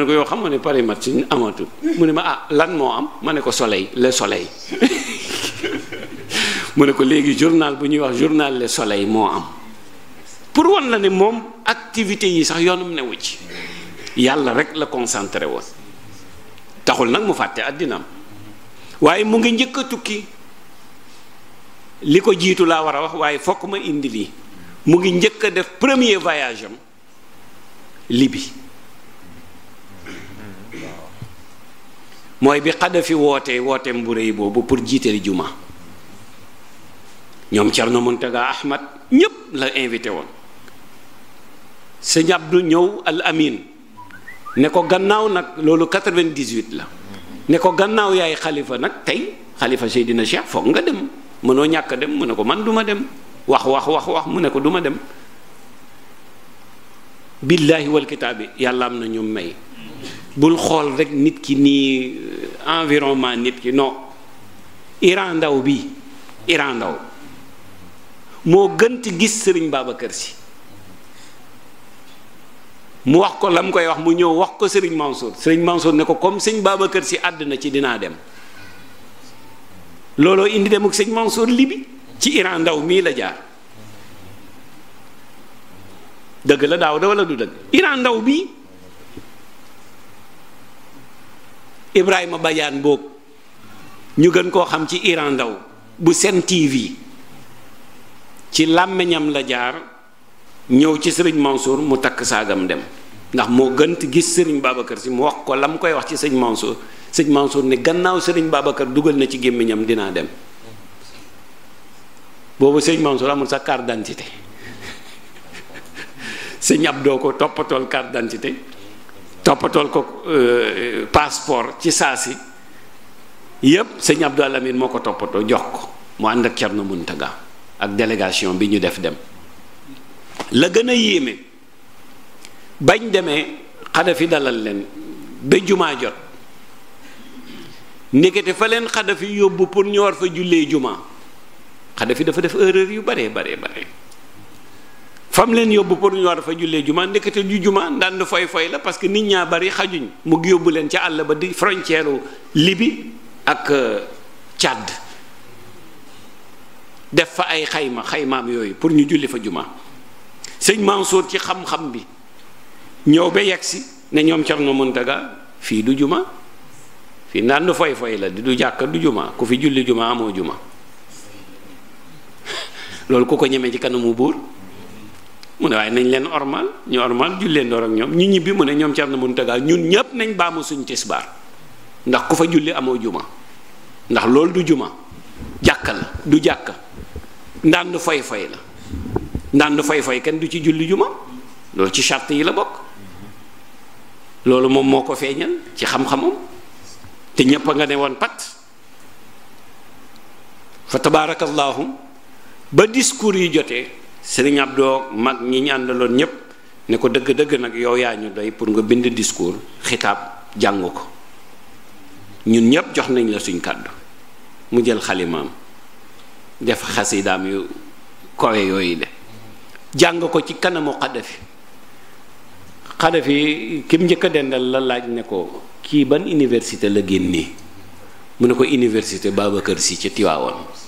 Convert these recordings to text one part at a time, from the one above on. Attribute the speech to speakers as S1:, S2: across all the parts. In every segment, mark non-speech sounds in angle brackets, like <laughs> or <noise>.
S1: ne ko yow xam nga ne Paris match amatul mu ne ma ah lan moo am ma ne ko soleil le soleil <laughs> mu ne ko léegi journal bu ñuy wax journal le soleil moo am pour wan la ne moom activité yi sax yoonum newu ci yàlla rek la concentré woon taxul nag mu fàtte àddinaam waaye mu ngi njëkk a tukki li ko jiitu laa war a wax waaye fokk ma indi lii mu ngi njëkk a def premier voyage am libi mooy bi Xadafi wootee wooteem bu rëy boobu pour jiiteel juma ñoom Thierno Mountaga Ahmad ñépp la invité woon sëñ Abdou ñëw al amin ne ko gannaaw nag loolu 98 la ne ko gannaaw yaay xalifa nag tey xalifa Seydina Cheikh foog nga dem mënoo ñàkk dem mu ne ko man duma dem wax wax wax wax mu ne ko duma dem billaahi wal kitaabi yàlla am na ñu may bul xool rek nit ki nii euh, environnement nit ki non Iran Ndaw bi Iran Ndaw moo gën gis Sëriñ kër Si mu wax ko la mu koy wax mu ñëw wax ko Sëriñ Mansour Sëriñ Mansour ne ko comme sëñ kër Si àdduna ci dinaa dem looloo indi dem ak sëñ Mansour libi ci Iran Ndaw mii la jaar dëgg la daaw da wala du dëgg Iran Ndaw bii Ibrahima bajaan Mbóog ñu gën koo xam ci Iran Ndaw bu seen TV ci làmmiñam la jaar ñëw ci sëriñ Mansour mu takk saagam dem ndax moo gënt gis sëriñ Babacar si mu wax ko la mu koy wax ci sëñ Mansour sëñ Mansour ne gannaaw sëriñ Babacar dugal na ci gémmiñam dinaa dem boobu sëñ Mansour amul sa carte d'identité sëñ <laughs> doo ko toppatool carte d'identité toppatool ko euh, passeport ci saa si yépp sëñ Abdou Lamine moo ko toppatoo jox ko mu ànd ak Thierno Mountaga ak délégation bi ñu def dem la gën a yéeme bañ demee Xadafi dalal leen ba jumaa jot ndekete fa leen Xadafi yóbbu pour ñu war fa jullee jumaa Xadafi dafa def erreur yu bare bare bare fam leen yóbbu pour ñu war fa jullee juma ndekete ju juma ndànd foy foy la parce que nit ñaa bari xajuñ mu yóbbu leen ca àll ba di frontière Libi ak euh, càdd def fa ay xayma xaymaam yooyu pour ñu julli fa juma sëñ Mansour ci xam-xam bi ñëw ba yegsi ne ñoom Cerno Muntaga fii du juma fii ndànd foy foy la di du jàkka du jumaa ku fi julli juma amoo juma <laughs> loolu ku ko ñemee ci mu buur mu ne waaye nañ leen ormal ñu ormal julleen door ak ñoom ñu ñibbi mu ne ñoom Cerno Muntaga ñun ñëpp nañ baamu suñ tisbaar ndax ku fa julli amoo juma ndax loolu du juma jàkka la du jàkk ndànd foy foy la ndànd foy fay kenn du ci julli juma loolu ci charte yi la bokk loolu moom moo ko feeñal ci xam-xamam te ñépp nga ne woon pat fa tabaarakallaahu ba discours yi jotee sëriñ Abdou mag ñi ñu àndaloon ñépp ne ko dëgg-dëgg nag yow yaa ñu doy pour nga bind discours xitaab jàng ko ñun ñépp jox nañ la suñ kàddu mu jël xalimaam def xasidaam yu kowe yooyu de jàng ko ci kanamu xadafi xadafi kim njëkk a dendal la laaj ne ko kii ban université la génnee mu ne ko université Babacar Sy ca Tiwaawoon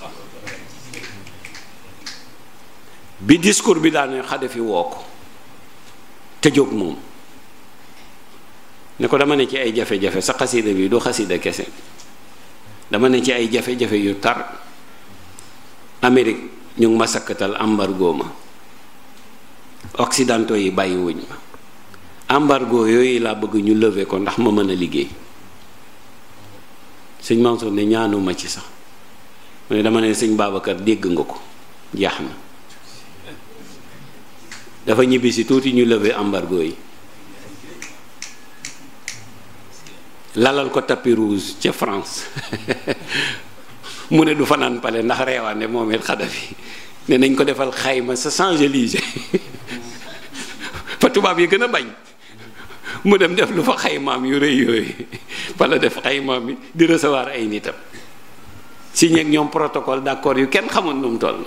S1: bi discours bi daanee Xadafi woo ko te moom ne ko dama ne ci ay jafe-jafe sa xasida bi du xasida kese dama ne ci ay jafe-jafe yu tar Amérique ñu ngi ma sakkatal embargo ma Occidentaux yi bàyyiwuñ ma embargo yooyu laa bëgg ñu lever ko ndax ma mën a liggéey sëñ Mansour ne ñaanuma ci sax mu ne dama ne sëñ Babacar dégg nga ko jeex na dafa ñibbisi si tuuti ñu lever embargo yi lalal ko tapis rouge ca France <laughs> mu ne du fanaan pale ndax reewaande moom it Kadhafi ne nañ ko defal xayma sa Champs-Élysées <laughs> fa tubaab yi gën a bañ mu dem def lu fa xaymaam yu rëy yooyu pala def xaymaam bi di resevoir ay nitam signé ak ñoom protocole d'accord yu kenn xamoon nu mu toll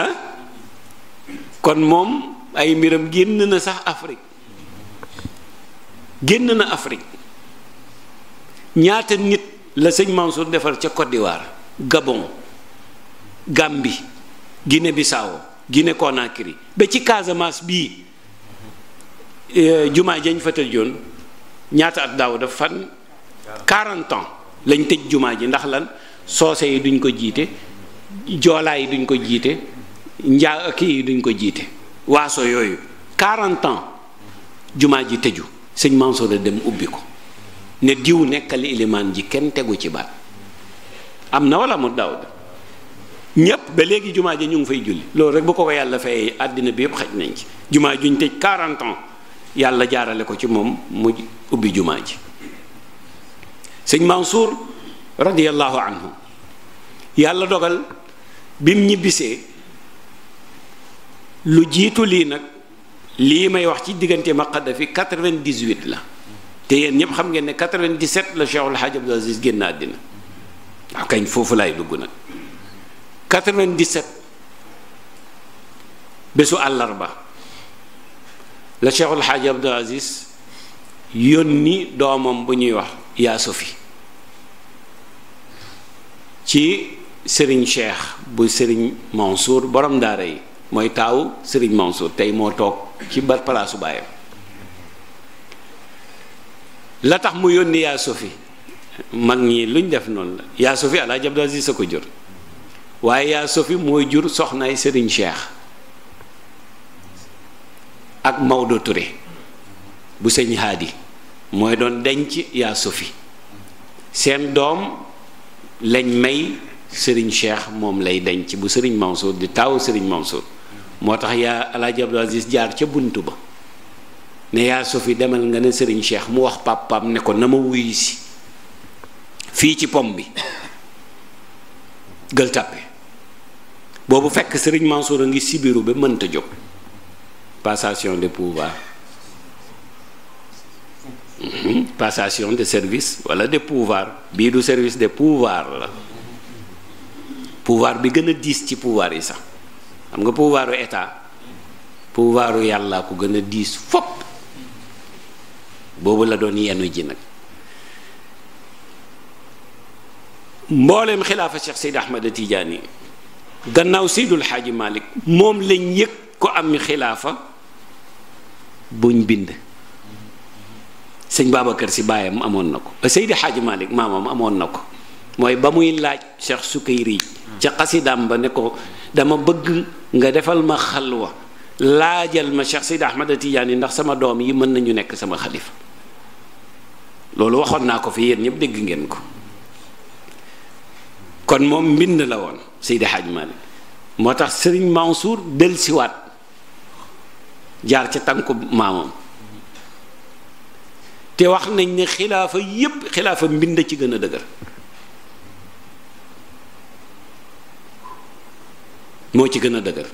S1: ah kon moom ay mbiram génn na sax Afrique génn na Afrique ñaata nit la sëñ Mansour defar ca Côte d'Ivoire Gabon Gambie Guinée Bissau Guinée Conakry ba ci Casamance bii eh, jumaa jañ fa tëjoon ñaata at daaw daf fan 40 ans lañ tëj jumaa ji ndax lan soose yi duñ ko jiite joolaa yi duñ ko jiite njaa kii duñ ko jiite waaso yooyu 40 ans jumaa ji tëju sëñ Mansour a dem ubbi ko ne diw nekkal ilimaan ji kenn tegu ci baat am na wala mu daw ñépp ba léegi jumaa ji ñu ngi fay julli loolu rek bu ko ko yàlla fay àddina bi yëpp xaj nañ ci jumaa juñ tëj 40 ans yàlla jaarale ko ci moom mu ubbi jumaa ji sëñ Mansour radiyallahu anhu yàlla dogal bim ñibbisee lu jiitu lii nag lii may wax ci diggante ma Kaddafi 98 la te yéen ñëpp xam ngeen ne 97 la Cheikh El Hadj Abdoul Aziz génn àddina waaw kañ foofu laay dugg nag 97 bésu àllarba la Cheikh El Hadj Abdoul yónni doomam bu ñuy wax yaa Sofi ci sëriñ Cheikh bu Serigne Mansour borom daara yi. mooy taawu sëriñ Mansour tey moo toog ci ba palaasu baayam la tax mu yónni yaa sofi mag ñi luñ def noon la yaa sofi Alaaji Abdou sa ko jur waaye yaa sofi mooy jur soxnaay sëriñ Cheikh ak Maodo Touré bu sëñ Haadi mooy doon denc yaa sofi seen doom lañ may Serigne Cheikh moom lay denc bu Serigne Mansour di taawu Serigne Mansour moo tax yaa alaaji Abdou Aziz jaar ca buntu ba ne yaa Sofi demal nga ne sëriñ Cheikh mu wax pàppaam ne ko na ma wuyu si fii ci pom bi gël tàppe boobu fekk sëriñ Mansour a ngi sibiru ba mënta jóg passation de pouvoir mhm. passation de service wala de pouvoir bii du service de pouvoir la pouvoir bi gën a diis ci pouvoir yi sax xam nga pouvoiru état pouvoiru yàlla ko gën a diis fopp boobu la doon yenu ji nag mbooleem xilaafa Cheikh Seydi Ahmada Tijaani gannaaw Seydul Xaaji Malik moom lañ yëg ko am xilaafa buñ bind sëñ kër si baayam amoon na ko Seydi Xaaji Malik maamam amoon na ko mooy ba muy laaj Cheikh Sukayri ca xasidaam ba ne ko dama bëgg nga defal ma xalwa laajal ma Cheikh Sidi Ahmad yi ndax sama doom yi mën nañu nekk sama xalifa loolu waxoon naa ko fi yéen ñëpp dégg ngeen ko kon moom mbind la woon Seydi Hadj Malick moo tax Serigne Mansour del siwaat jaar ca tànku maamam te wax nañ ne xilaafa yépp xilaafa mbind ci gën a dëgër moo ci gën a dëgër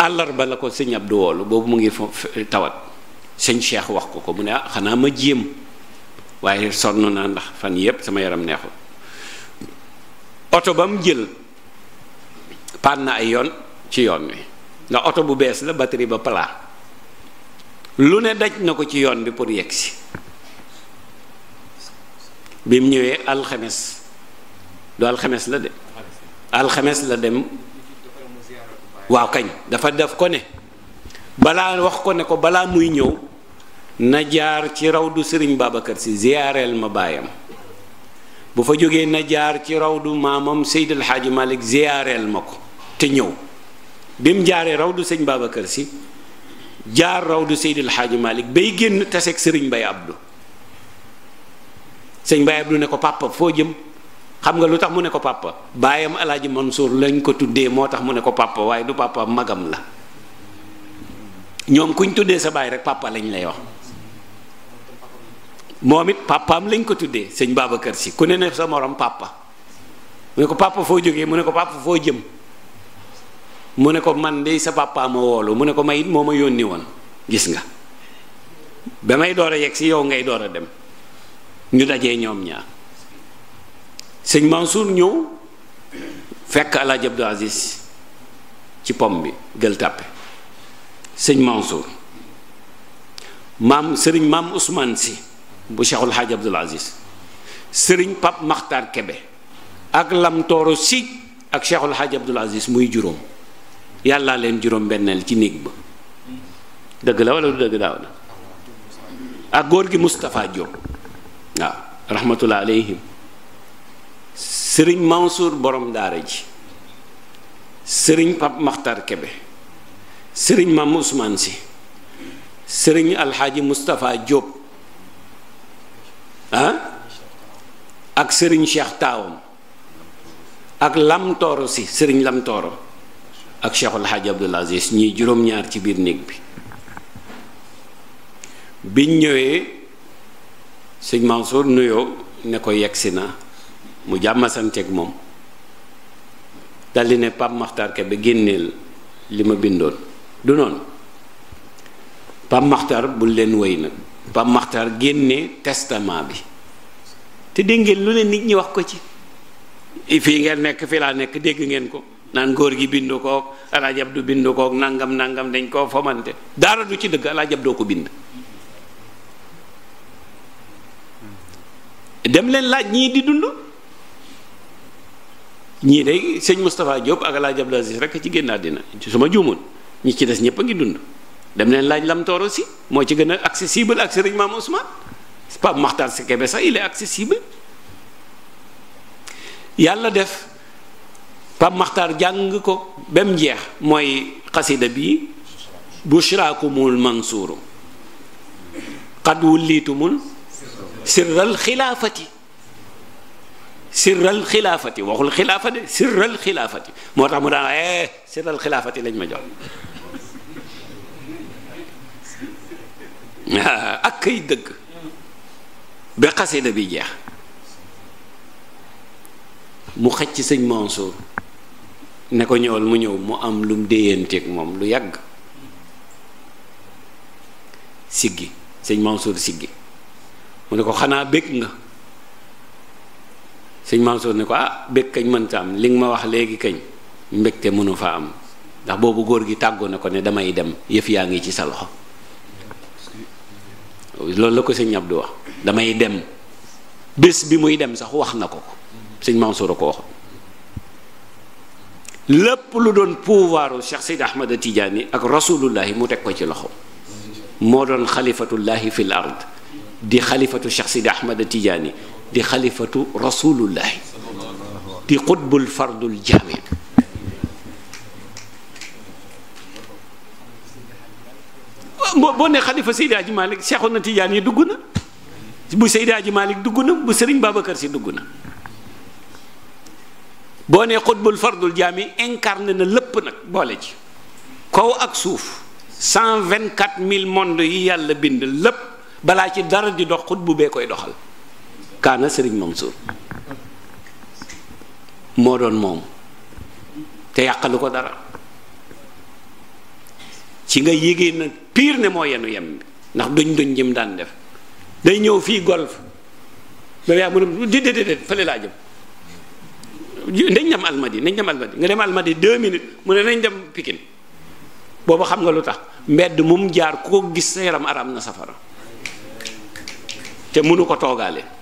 S1: àllarba la ko sëñ Abdou woolu boobu mu ngi tawat sëñ Cheikh wax ko ko mu ne ah xanaa ma jéem waaye sonn naa ndax fan yépp sama yaram neexul oto ba mu jël paan na ay yoon ci yoon wi ndax oto bu bees la batterie ba palaa lu ne daj na ko ci yoon bi pour yegsi bi mu ñëwee alxemes du alxames la de alxemes la dem waaw kañ dafa def ko ne balaa wax ko ne ko balaa muy ñëw na jaar ci raw du sëriñ Babacar si ziyaareel ma baayam bu fa jógee na jaar ci raw du maamam Seydil xaaju Malick ziyaareel ma ko te ñëw bi mu jaaree du sëñ Babacar si jaar rawdu Seydil Hadji Malick bay génn taseeg sëriñ bay Abdou sëñ Baye Abdou ne ko papa foo jëm xam nga lu tax mu ne ko papa baayam alaaji Mansour lañ ko tuddee moo tax mu ne ko papa waaye du papa magam la ñoom kuñ tuddee sa baay rek pàppa lañ lay wax moom it papaam lañ ko tuddee sëñ Babacar Si ku ne ne sa moroom papa mu ne ko pàppa foo jógee mu ne ko papa foo jëm mu ne ko man de sa papa woolu mu ne ko may it moo ma yónni woon gis nga ba may door a yegg si yow ngay door a dem ñu dajee ñoom ñaar sëñ Mansour ñëw fekk Alaaji Abdou Aziz ci pom bi gël tàppe sëñ Mansour maam sëriñ maam Ousmane si bu Cheikhul Hadj Abdou Aziz sëriñ Pape Makhtar Kebe ak Lam Tooro si ak Cheikhul Hadj Abdou Aziz muy juróom yàllaa leen juróom benneel ci néeg ba dëgg la wala du dëgg daaw la ak góor gi Moustapha Diop waaw rahmatullah alayhim sëriñ Mansour borom daara ji sëriñ Pape Makhtar Kebe sëriñ Mame Ousmane Sy sëriñ Alxaaji Moustapha Diop ah, ak sëriñ Cheikh Taawam ak Lam Tooro si sëriñ Lam ak Cheikh Alxaaji Abdoul Aziz ñii juróom-ñaar ci biir néeg bi biñ ñëwee sëñ Mansour nuyoo ne ko yegsi na mu jàmmasanteeg moom daldi ne Pape Makhtar Kébé génneel li ma bindoon du noonu Pape Makhtar bul leen wéy nag Pape Makhtar génne testament bi te dégg ngeen lu ne nit ñi wax ko ci i fii ngeen nekk fii laa nekk dégg ngeen ko naan góor gi bindu kook alaaj du bindu kook nangam nangam dañ koo fomante dara du ci dëgg alaaj Abdu doo ko bind dem leen laaj ñii di dund ñii de sëñ Moustapha Diop ak Alaaji Abdou Aziz ci génn àddina su ma juumoon ñi ci des ñëpp a ngi dund dem leen laaj Lamtooro si moo ci gën a ak sëriñ Maam Ousmane Pape Makhtar si Kébé sax il est yàlla def Pape Makhtar jàng ko ba mu jeex mooy xasida bi bushraakumul mansuuru qad wulliitumul sirral xilaafati sirral xilaafati waxul xilaafa de sirral xilaafati moo tax mu daan eh sirral xilaafati lañ ma jox <laughs> ak kay dëgg ba xasida bi jeex mu xaj ci sëñ Mansour ne ko ñëwal mu ñëw mu am lu mu déyanteeg moom lu yàgg siggi sëñ Mansour siggi mu ne ko xanaa bég nga sëñ Mansour ne ko ah bég kañ mënta am li nga ma wax léegi kañ mbégte mënu fa am ndax boobu góor gi tàggu na ko ne damay dem yëf yaa ngi ci sa loxo loolu la ko sëñ Abdou wax damay dem bés bi muy dem sax wax na ko ko sëñ Mansour a ko waxoon lépp lu doon pouvoiru Cheikh Sidi Ahmad Tidiane ak rasulullahi mu teg ko ci loxo moo doon xalifatullahi fil ard di xalifatu Cheikh Sidi Ahmad Tidiane di xalifatu rasulullahi di xutbul fardul jaami boo boo ne xalifa Seydi Hadji Malick na Tijaan yi dugg na bu Seydi Hadji Malick dugg na bu Sëriñ Babacar Si dugg na boo ne xutbul fardul jaami incarné na lépp nag boole ci kaw ak suuf cent vingt-quatre mille monde yi yàlla bind lépp balaa ci dara di dox xutbu bee koy doxal kaana sëriñ Mansour moo doon moom te yàqalu ko dara ci nga yégée nag piir ne moo yenu yem bi ndax duñ duñ jëm daan def day ñëw fii golf ba yaa mu ne déedéet déedéet fële laa jëm nañ dem almadi nañ dem almadi nga dem almadi deux minit mu ne dañ dem Pikine boobu xam nga lu tax mbedd mu mu jaar koo gis sa yaram aram na safara te mënu ko toogaale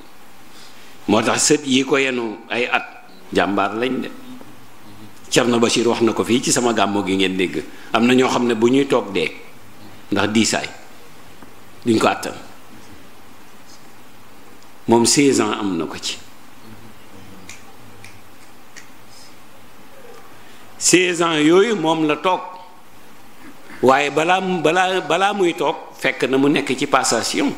S1: moo tax sët yi ko yenu ay at jàmbaar lañ de Cerno Bachir wax na ko fii ci sama gàmmoo gi ngeen dégg am na ñoo xam ne bu ñuy toog dee ndax diisaay duñ ko àttan moom 16 am na ko ci 16 ans yooyu moom la toog waaye balaa balaa balaa muy toog fekk na mu nekk ci passation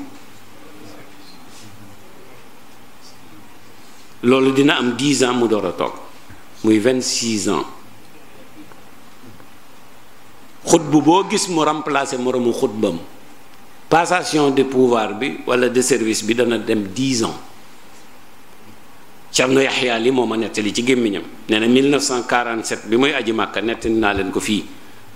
S1: loolu dina am 10 ans mu door a toog muy vingt 26 ans xutbu boo gis mu remplacer moroomu xutbam passation de pouvoir bi wala de service bi dana dem 10 ans Cerno Yaxya yi moo ma nettali ci gémmiñam nee na 1947 bi muy aji màkka nettali naa leen ko fii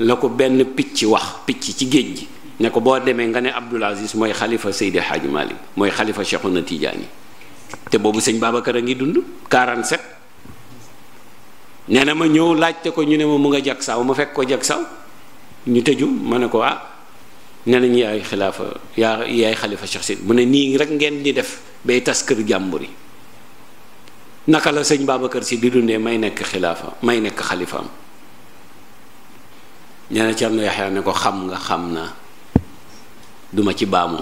S1: la ko benn picc wax picc ci géej gi ne ko boo demee nga ne Abdul Aziz mooy xalifa Seydi Hadj Malick mooy xalifa Cheikhuna Tidiane te boobu sëñ Babacar a ngi dund 47 nee na ma ñëw laajte ko ñu ne ma mu nga jag saaw ma fekk ko jag saaw ñu tëju ma ne ko ah nee ñu yaay xilaafa yaa yaay xalifa Cheikh mu ne nii rek ngeen di def bay tas kër jàmbur yi naka la sëñ Babacar si di dundee may nekk xilaafa may nekk xalifaam nee na Cerno Yaxya ne ko xam nga xam na duma ci baamu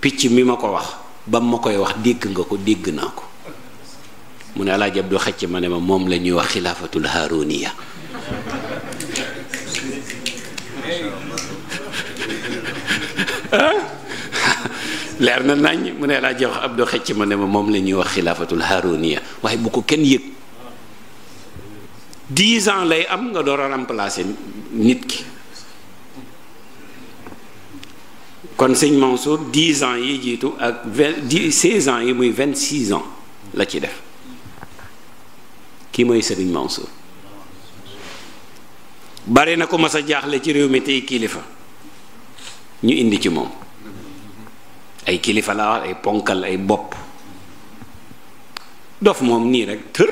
S1: picc mi ma ko wax ba ma koy wax dégg nga ko dégg naa ko mu ne alaaj Abdu xacc ma ma moom la ñuy wax xilaafatul haaruniya <laughs> leer na nañ mu ne alaaj Abdu xacc ma moom la ñuy wax xilaafatul haaruniya waaye bu ko kenn yëg dix ans lay am nga door a remplacer nit ki kon sëñ Mansour dix ans yi jiitu ak vingt seize ans yi muy vingt six ans la ci def kii mooy sëriñ Mansour bari na ko mas a jaaxle ci réew mi tey kilifa ñu indi ci moom ay kilifa laa ay ponkal ay bopp dof moom nii rek tër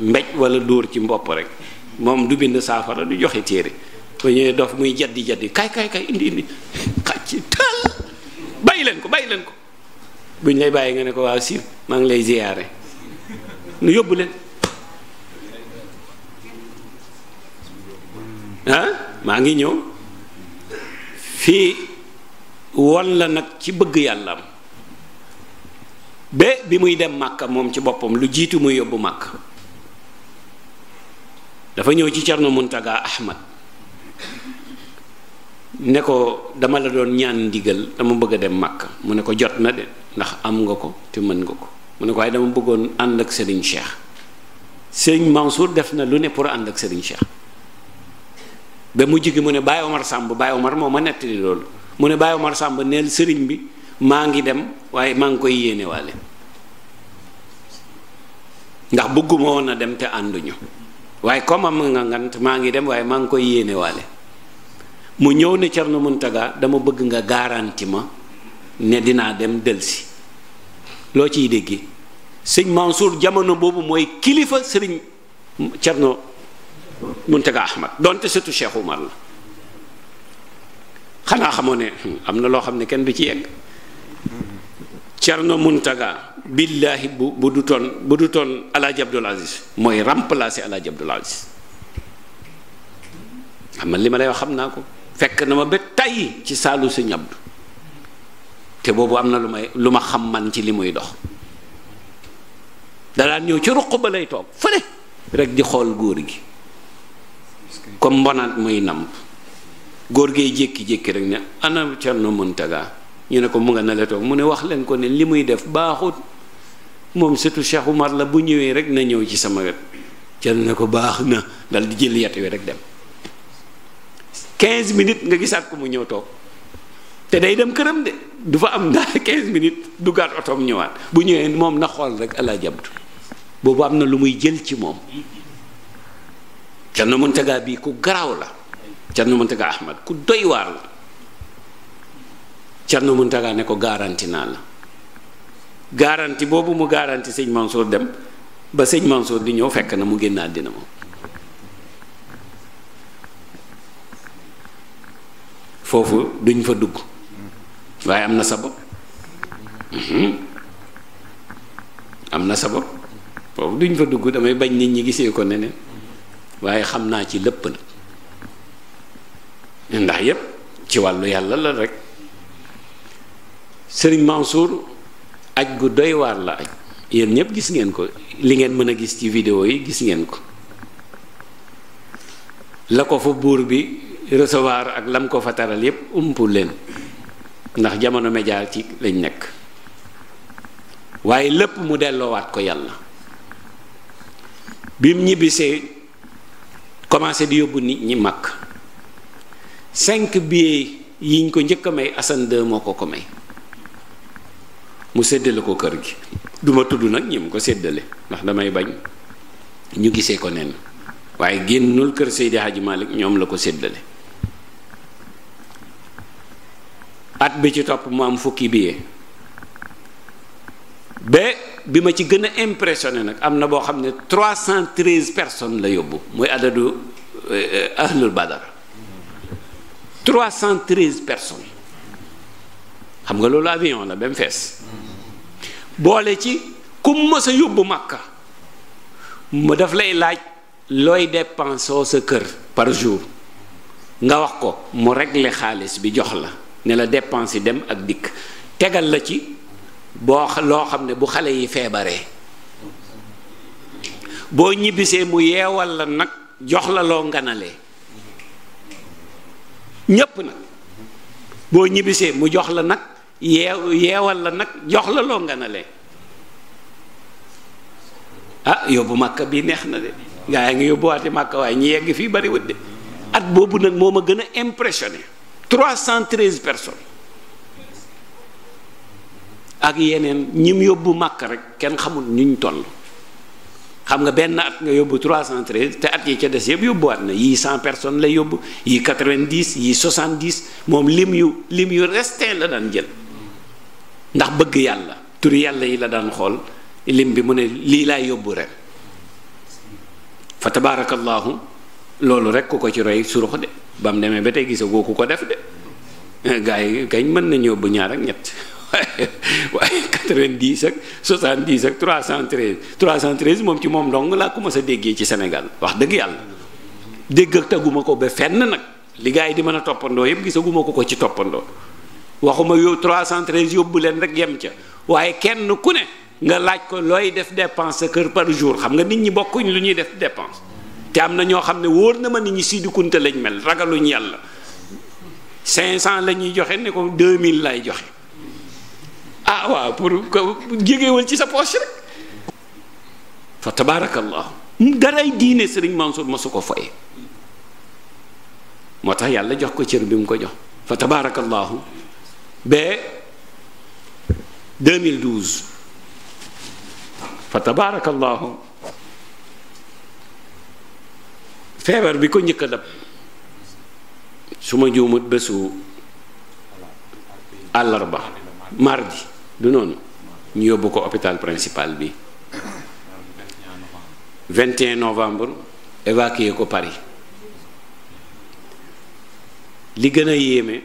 S1: mbéj wala dóor ci mbopp rek moom du bind saafara du joxe téere ba ñëwee dof muy jaddi jaddi kay kay kay indi indi xàcc tal bàyyi leen ko bàyyi leen ko buñ lay bàyyi nga ne ko waaw si maa ngi lay ziyaare nu yóbbu leen ah maa ngi ñëw fii won la nag ci bëgg yàllam ba bi muy dem màkka moom ci boppam lu jiitu muy yóbbu màkk dafa ñëw ci Cerno Muntaga Ahmad ne ko dama la doon ñaan ndigal dama bëgg a dem Makka mu ne ko jot na de ndax am nga ko te mën nga ko mu ne ko waaye dama bëggoon ànd ak Serigne Cheikh Serigne Mansour def na lu ne pour ànd ak Serigne Cheikh ba mujj gi mu ne Baye Omar Samb Baye Omar moo ma nettali loolu mu ne Baye Omar Samb neel sëriñ bi maa ngi dem waaye maa ngi koy yéenewaale ndax bëgguma woon a dem te ànduñu waaye comme am nga ngant maa ngi dem waaye maa ngi koy yéenewaale mu ñëw ne Thierno Mountaga dama bëgg nga garanti ma ne dinaa dem delsi loo ciy déggee sëñ Mansour jamono boobu mooy kilifa sëriñ Thierno Mountaga Ahmad donte surtout Cheikh Oumar la xanaa xamoo ne hmm, am na loo xam ne kenn du ci yegg Thierno Mountaga billaahi bu bu du toon bu du toon Alaaji Abdul Aziz mooy remplacer Alaaji Abdul Aziz xam nga li ma lay xam naa ko fekk na ma ba tàyyi ci saalu sëñ Abdu te boobu am na lu may lu ma xam man ci li muy dox dalaa ñëw ci ruq ba lay toog fële rek di xool góor gi comme mbonaat muy namp góor gee jékki-jékki rek ne ana Cerno Muntaga ñu ne ko mu nga ne toog mu ne wax leen ko ne li muy def baaxut moom surtout Cheikh Umar la bu ñëwee rek na ñëw ci sama wet Cerno ne ko baax na dal di jël yet wi rek dem 15 minutes nga gisaat ko mu ñëw toog te day dem këram de du fa am ndax 15 minutes duggaat otoom ñëwaat bu ñëwee moom na xool rek allah jabtu boobu am na lu muy jël ci moom Thierno Mountaga bii ku garaaw la Thierno Mountaga Ahmad ku doy waar la Thierno ne ko garanti naa la garanti boobu mu garanti sëñ Mansour dem ba sëñ Mansour di ñëw fekk na mu génn àddina moom foofu duñ fa dugg waaye am na sabab mhm. am na sabab foofu duñ fa dugg damay bañ nit ñi gisee ko neneen waaye xam naa ci lëpp na ndax yépp ci wàllu yàlla la rek sëriñ Mansour aj gu doy waar la aj yéen ñépp gis ngeen ko li ngeen mën a gis ci vidéo yi gis ngeen ko la ko fa buur bi recevoir ak lam ko fa taral yépp umpul leen ndax jamono média ci lañ nekk waaye lépp mu delloowaat ko yàlla bim ñibbisee commencé di yóbbu nit ñi mag cinq billets yiñ ko njëkk a may Assane deux moo ko ko may mu séddale ko kër gi duma tudd nag ñi mu ko séddale ndax damay bañ ñu gisee ko nenn waaye génnul kër Seydi Hadji Malick ñoom la ko séddale at bi ci topp mu am fukki billet ba bi ma ci gën a impressionné nag am na boo xam ne cent 313 personne la yóbbu muy adadu eh, eh, ahlul cent 313 personnes xam nga loolu avion la ba mu fees boole ci ku mës a yóbbu Makka mu daf lay laaj looy dépensoo sa kër par jour nga wax ko mu regle xaalis bi jox la ne la dépense yi dem ak dikk tegal la ci boo loo xam ne bu xale yi feebaree boo ñibbisee mu yeewal la nag jox la loo nganalee ñépp boo ñibbisee mu jox la nag yeew yeewal la nag jox la loo nganalee ah yóbbu màkka bi neex na de gaa yi ngi yóbbuwaati màkka waaye ñi yegg fii bariwut de at boobu nag moo ma gën a impressionné 313 personnes ak yeneen ñim yóbbu màkk rek kenn xamul ñu toll xam nga benn at nga yóbbu 313 te at yi ca des yëpp yóbbuwaat na yii cent personnes lay yóbbu yii 90 yii 70 moom lim yu lim yu resté la daan jël ndax bëgg yàlla tur yàlla yi la daan xool lim bi mu ne lii laay yóbbu ren fa tabaarakallaahu loolu rek ku ko ci roy surux de. ba mu demee ba tey gisagoo ku ko def de <laughs> gars yi kañ mën nañu yóbbu ñaar ak ñett <laughs> waaye waaye 90 ak 70 ak 313 313 moom ci moom dong laa ko mës a déggee ci Sénégal wax dëgg yàlla dégg ak taguma ko ba fenn nag li gars yi di mën a toppandoo yëpp gisaguma ko ko ci toppandoo waxuma yow 313 yóbbu leen rek yem ca waaye kenn ku ne nga laaj ko looy def depense sa kër par jour xam nga nit ñi bokkuñ lu ñuy def dépense te am na ñoo xam ne wóor na ma ni ñu Sidi Kunta lañ mel ragaluñ yàlla 500 la ñuy joxe ne ko 2000 lay joxe ah waaw pour jégewal ci sa poche rek fa tabaarakallah daray diine Sëriñ Mansour ma su ko foye moo tax yàlla jox ko cër bi mu ko jox fa tabaarakallahu ba 2012 fa tabaarakallahu feebar bi ko njëkk a dab su ma juumut bésu àllarba mardi du noonu ñu yóbbu ko hôpital principal bi 21 novembre évacué ko Paris li gën a yéeme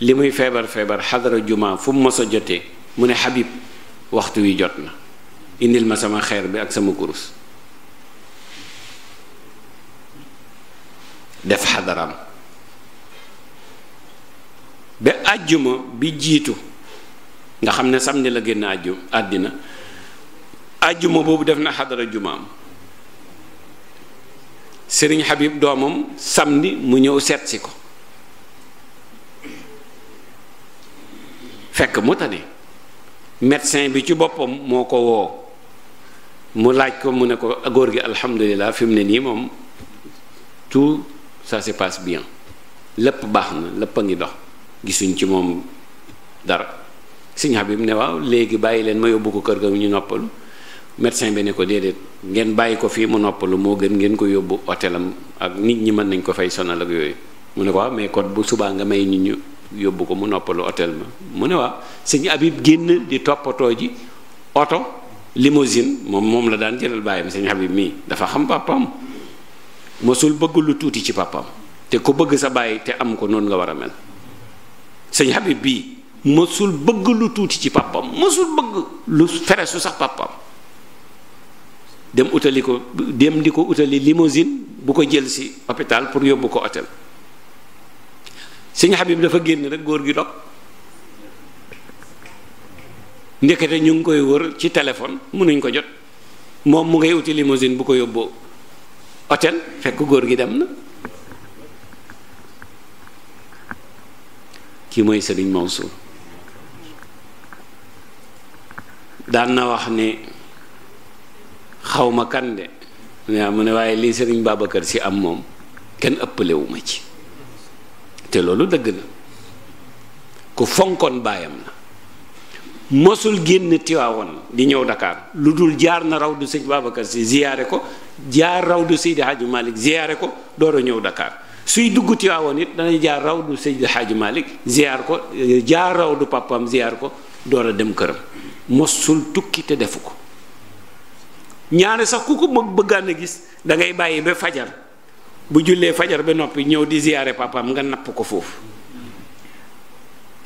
S1: li muy feebar feebar xadara juma fu mu mos a jotee mu ne Habib waxtu wi jot na indil ma sama xeer bi ak sama kurus def xadaraam ba àjjuma bi jiitu nga xam ne samedi la génn àjju àddina àjjuma boobu def na xadara jumaam sëriñ Habib doomam samedi mu ñëw seetsi ko fekk mu tane bi ci boppam moo ko woo mu laaj ko mu ne ko góor gi alhamdulilah fi ne nii moom tout ça se passe bien lépp baax na lépp a ngi dox gisuñ ci moom dara sëñ Habib ne waaw léegi bàyyi leen ma yóbbu ko kër ga ñu noppalu médecin bi ne ko déedéet ngeen bàyyi ko fii mu noppalu moo gën ngeen ko yóbbu hôtelam ak nit ñi mën nañ ko fay sonnal ak yooyu mu ne ko waaw mais kon bu subaa nga may nit ñu yóbbu ko mu noppalu hôtel ma mu ne waaw sëñ Habib génn di toppatoo ji oto limousine moom moom la daan jëlal bàyyam sëñ Habib mii dafa xam papaam mosul bëgg lu tuuti ci pàppam te ku bëgg sa baay te am ko noonu nga war a mel sëñ Habib bii mosul bëgg lu tuuti ci pàppam mosul bëgg lu fere su sax papam dem utali ko dem di ko utali limousine bu ko jël si hôpital pour yóbbu ko hôtel sëñ Habib dafa génn rek góor gi dog ndekete ñu ngi koy wër ci téléphone mënuñ ko jot moom mu ngay uti limousine bu ko yóbboo hôtel fekk góor gi dem na kii mooy Serigne Mansour daan na wax ne xawma kan de mu ne waaye lii Serigne Babacar si am moom kenn ëppalewu ci te loolu dëgg la ku fonkoon baayam la mosul génn Tiwaawoon di ñëw ndakaar lu dul jaar na raw du sëñ Babacar si ziyaare ko jaar raw rawdu Seydi Hadji Malick ziyaare ko door a ñëw dakaar suy dugg Tiwaawoon it danañ jaar raw rawdu Seydi Hadji malik ziyaar ko jaar du papam ziyaar ko door a dem këram mosul tukki te defu ko ñaare sax ku ko bëggaan gis da ngay bàyyi ba fajar bu jullee fajar ba noppi ñëw di ziyaare papam nga napp ko foofu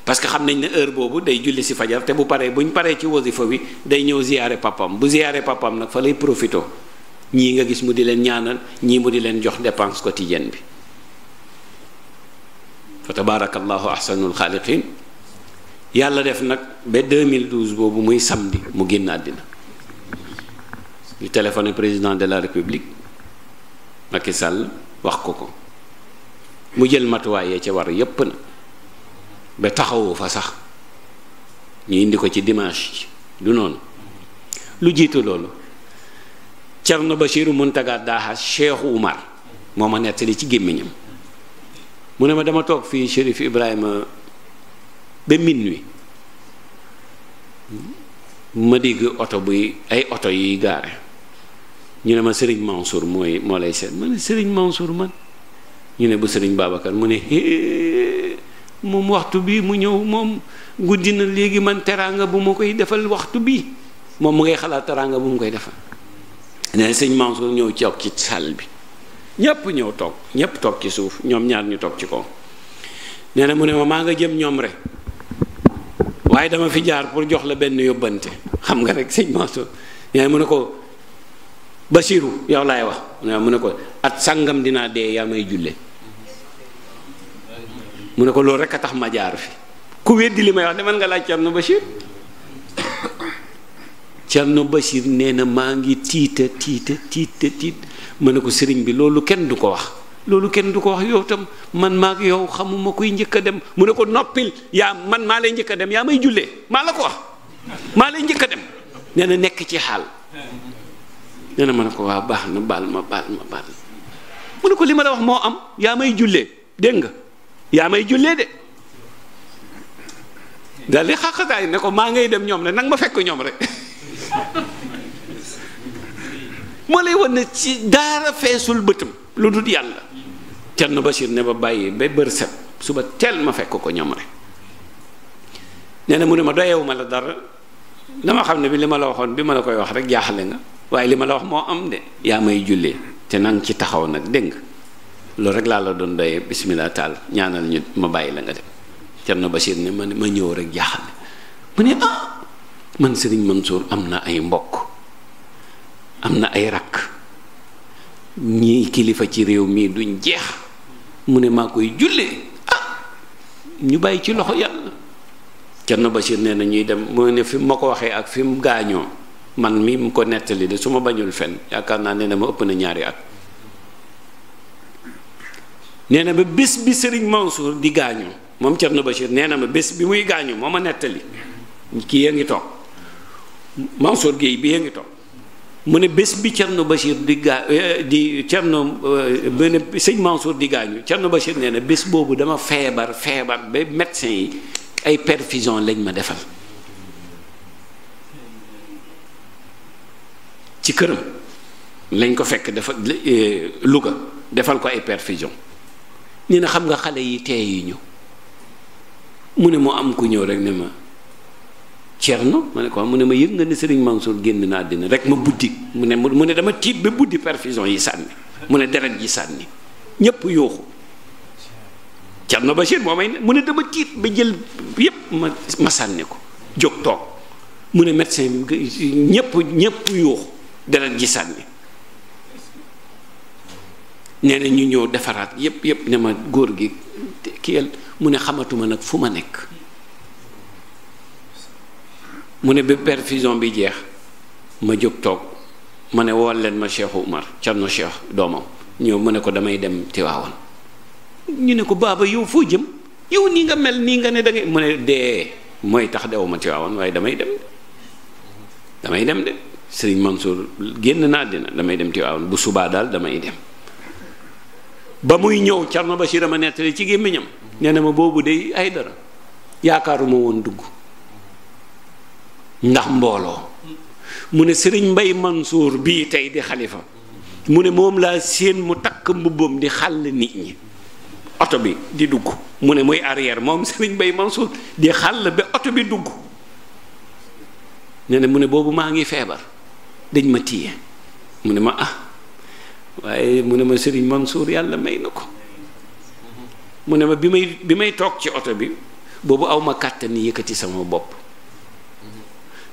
S1: parce que xam nañ ne heure boobu day julli si fajar te bu paree buñ paree ci wasifa bi day ñëw ziyaare papam bu ziyaare papam nag fa lay profito ñii nga gis mu di leen ñaanal ñii mu di leen jox dépense quotidienne bi fa tabarakallahu ahsanul xaaliqin yàlla def nag ba 2012 boobu muy samedi mu génn àddina ñu téléphoné président de la république Macky Sall wax ko ko mu jël matuwaay yee ca war yépp na ba taxawu fa sax ñu indi ko ci dimanche du noonu lu jiitu loolu Cerno Bachiru Muntaga Daha Cheikhu Umar moo ma nettali ci gémmiñam mu ne ma dama toog fii Chérif Ibrahima ba minuit ma digg oto buy ay oto yuy gaare ñu ne ma sëriñ Mansour mooy moo lay seet ma ne Serigne Mansour man ñu ne bu Serigne Babacar mu ne moom waxtu bi mu ñëw moom guddi na léegi man teraanga bu ma koy defal waxtu bi moom mu ngay xalaat teraanga bu mu koy defal ne sëñ Mansour ñëw toog ci salle bi ñépp ñëw toog ñépp toog ci suuf ñoom ñaar ñu toog ci kaw nee na mu ne ma maa nga jëm ñoom rek waaye dama fi jaar pour jox la benn yóbbante xam nga rek sëñ Mansour nee mu ne ko Basiru yow laay wax mu ne ko at sàngam dinaa dee yaa may julle mu ne ko loolu rek a tax ma jaar fi ku weddi li may wax demal nga laaj Cerno Bachir Thierno Bachir nee na maa ngi tiita tiita tiita tiit ma ne ko sëriñ bi loolu kenn du ko wax loolu kenn du ko wax yow tam man maa ak yow xamuma koy njëkk a dem mu ne ko noppil yaa man maa lay njëkk a dem yaa may jullee maa la ko wax maa lay njëkk a dem nee na nekk ci xaal nee na ma ne ko waa baax na baal ma baal ma baal mu ne ko li ma la wax moo am yaa may jullee dégg nga yaa may jullee de daal di ne ko maa ngay dem ñoom ne nag ma fekk ñoom rek <laughs> moo lay wan ne ci daara feesul bëtam lu dul yàlla Thierno Bachir ne ba bàyyi ba bër set suba teel ma fekk ko ñoom rek nee na mu ne ma doyewuma la dara dama xam ne bi li ma la waxoon bi ma la koy wax rek jaaxle nga waaye li ma la wax moo am de yaa may jullee te nang ci taxaw nag dégg nga loolu rek laa la doon doyee bismillah taal ñaanal ñu ma bàyyi la nga dem Thierno ne ma ma ñëw rek jaaxle mu ne ah man Serigne Mansour am na ay mbokk am na ay rakk ñii kilifa ci réew mii duñ jeex mu ne maa koy jullee ah ñu bàyyi ci loxo yàlla Thierno Bachir nee na ñuy dem mu ne fi ma ko waxee ak fi mu gaañoo man mi mu ko nettali de su ma bañul fen yaakaar naa nee na ma ëpp na ñaari at nee na ba bés bi Serigne Mansour di gaañoo moom Thierno Bachir nee na ma bés bi muy gaañoo moo ma nettali kii yaa ngi toog Mansour Guèye bi yaa ngi toog mu ne bés bi Thierno Bachir di gaa eh, di Thierno mu eh, ne sëñ Mansour di gaañu Thierno Bachir nee na bés boobu dama feebar feebar ba médecin yi ay perfusion lañ ma defal ci këram lañ ko fekk dafa eh, Louga defal ko ay perfusion nee na xam nga xale yi teeyuñu mu ne mu am ku ñëw rek ne ma. Cerno ma ne ko mu ne ma yëg nga ne Serigne Mansour génn naa àddina rek ma buddi mu ne mu ne dama tiit ba buddi perfusion yi sànni mu ne deret ji sànni ñépp yooxu Cerno Bachir moo may ne mu ne dama tiit ba jël yépp ma ma sànni ko jóg toog mu ne médecin bi ñépp ñépp yooxu deret ji sànni nee na ñu ñëw defaraat yépp yépp ne ma góor gi kiyal mu ne xamatuma nag fu ma nekk mu ne ba perfusion bi jeex ma jóg toog ma ne wool leen ma Cheikh Umar Cerno Cheikh doomam ñëw mu ne ko damay dem Tiwaawan ñu ne ko baaba yow foo jëm yow nii nga mel nii nga ne da ngay mu ne dee mooy tax dew ma Tiwaawan waaye damay dem de damay dem de Sëriñ Mansour génn naa dina damay dem Tiwaawan bu subaa daal damay dem ba muy ñëw Cerno Bachir ma nettali ci gémmiñam nee na ma boobu de ay dara yaakaaruma woon dugg ndax mbooloo mu ne sëriñ Mbay Mansour bii tey di xalifa mu ne moom laa séen mu takk mbubbam di xal nit ñi oto bi di dugg mu ne muy arrière moom sëriñ Mbay Mansour di xàll ba oto bi dugg nee ne mu ne boobu maa ngi feebar dañ ma tiye mu ne ma ah waaye mu ne ma sëriñ Mansour yàlla may na ko mu ne ma bi may bi may toog ci oto bi boobu aw ma kàttan yëkkati sama bopp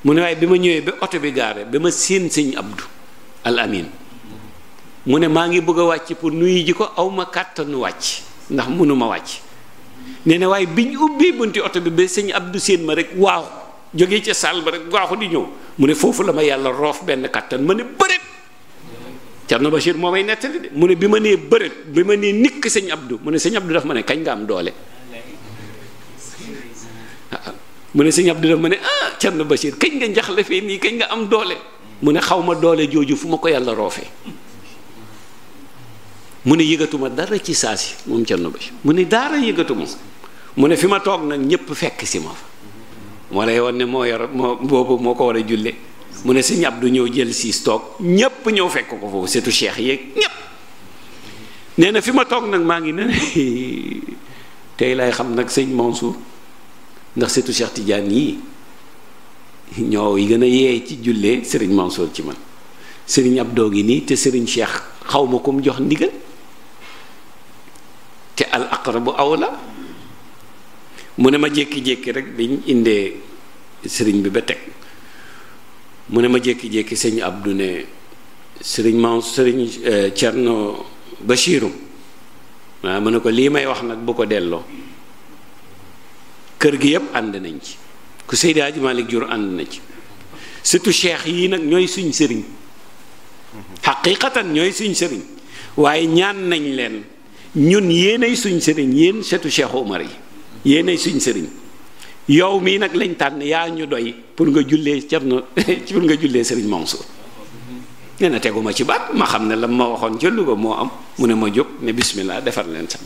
S1: mu ne waaye bi ma ñëwee ba oto bi gaare ba ma séen sëñ Abdu al mu ne maa ngi bëgg a wàcc pour nuyu ji ko aw ma kàttanu wàcc ndax mënuma wàcc nee na waaye biñ ubbee bunti oto bi ba sëñ séen ma rek waaw jógee ca saal ba rek waaxu di ñëw mu ne foofu la ma yàlla roof benn kàttan ma ne bëreet Cerno Bachir moo may nettali de mu ne bi ma nee bëreet bi ma nee nikk sëñ Abdu mu ne sëñ Abdu daf ma ne kañ nga am doole mu ne sëñ Abdou Daf ma ne ah Thierno Bachir kañ nga njaxle fee nii kañ nga am doole mu ne xaw ma doole jooju fu ma ko yàlla roofee mu ne yëgatuma dara ci saa si moom Thierno Bachir mu ne daara yëgatuma mu ne fi ma toog nag ñëpp fekk si ma fa moo lay ne moo yor moo boobu moo ko war a julle mu ne si sëñ du ñëw jël siis toog ñépp ñëw fekk ko foofu surtout cheikh yeeg ñépp nee na fi ma toog nag maa ngi ne <laughs> tey lay xam nag sëñ Mansour ndax seetu Cheikh Tidiane yii ñoo yi gën a yeey ci jullee sëriñ Mansour ci man sëriñ Abdoo gi nii te sëriñ Cheikh xaw ma ko mu jox ndigal te al aqrabu awla mu ne ma jékki-jékki rek biñ indee sëriñ bi ba teg mu ne ma jékki-jékki sëñ Abdou ne sëriñ Mansour sëriñ Cerno eh, Bachirum waaw ah, mu ne ko lii may wax nag bu ko delloo kër gi yëpp ànd nañ ci ku Seydi Hadji Malick jur ànd na ci surtout cheikh yii nag ñooy suñ sëriñ xaqiqatan ñooy suñ sëriñ waaye ñaan nañ leen ñun yéenay suñ sëriñ yéen setu cheikh Omar yi yéenay suñ sëriñ yow mii nag lañ tànn yaa ñu doy pour nga jullee Cerno <laughs> pour nga jullee sëriñ Mansour nee na teguma ci baat ma xam ne la ma waxoon ca Louga moo am mu ne ma jóg ne bismillah defar leen sax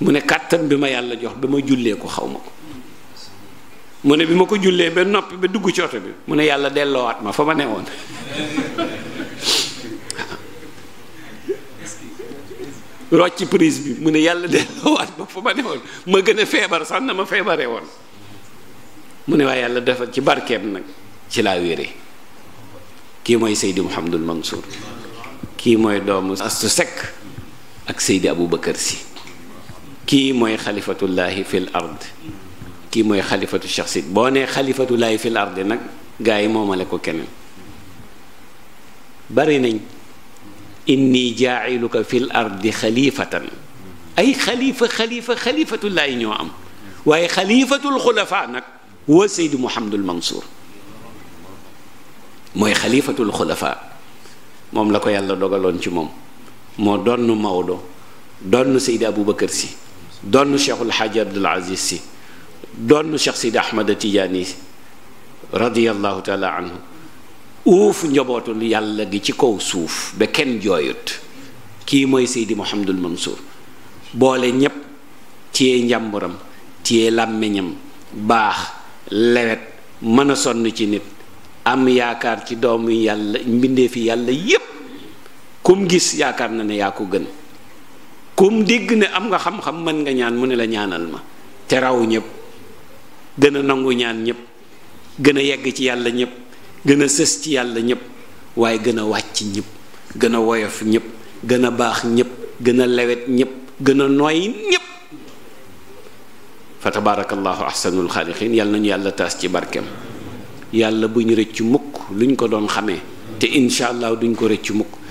S1: mu ne kàttan bi ma yàlla jox bi ma jullee ko xaw ma ko mu ne bi ma ko jullee ba noppi ba dugg ci bi mu ne yàlla delloowaat ma fa ma ne woon <laughs> rocc prise bi mu ne yàlla delloowaat ma fa ma gën a feebar sax ma feebaree woon mu ne waaye yàlla defal ci barkeem nag ci laa wéree kii mooy Seydi Mouhamadul Mansour kii mooy doomu Astu Sekk ak Seydi Aboubacar Si kii mooy xalifatullaahi fil ard kii mooy xalifatu shaxsit boo nee xalifatullaahi fil ard nag gaa yi moomale ko keneen bari nañ inni jaaciluka fil ardi xalifatan ay xalifa xalifa xalifatullaahi ñoo am waaye xalifatul xulafa nag woo Seydi Mouhamadul Mansour mooy xalifatul xulafa moom la ko yàlla dogaloon ci moom moo donn Maodo donn Seydi Aboubacar si doon nu Cheikhul Xaaji Abdul Aziz si doon nu Cheikh Sidi Ahmad Tijaani radiyallahu taala anhu uuf njabootul yàlla gi ci kaw suuf ba kenn jooyut kii mooy Seydi Mouhamadul Mansour boole ñépp téye njàmburam téye làmmiñam baax lewet mën a sonn ci nit am yaakaar ci doomu yàlla fi yàlla yépp kum gis yaakaar na ne yaa ko gën comme dégg ne am nga xam-xam mën nga ñaan mu ne la ñaanal ma te raw ñëpp gën a nangu ñaan ñëpp gën a yegg ci yàlla ñëpp gën a sës ci yàlla ñëpp waaye gën a wàcc ñëpp gën a woyof ñëpp gën a baax ñëpp gën a lewet ñëpp gën a nooy ñëpp fa tabaarakallaahu ahsanul xaaliqiin yàlla nañu yàlla taas ci barkeem yàlla bu ñu rëcc mukk lu luñ ko doon xame te incha allah duñ ko rëcc mukk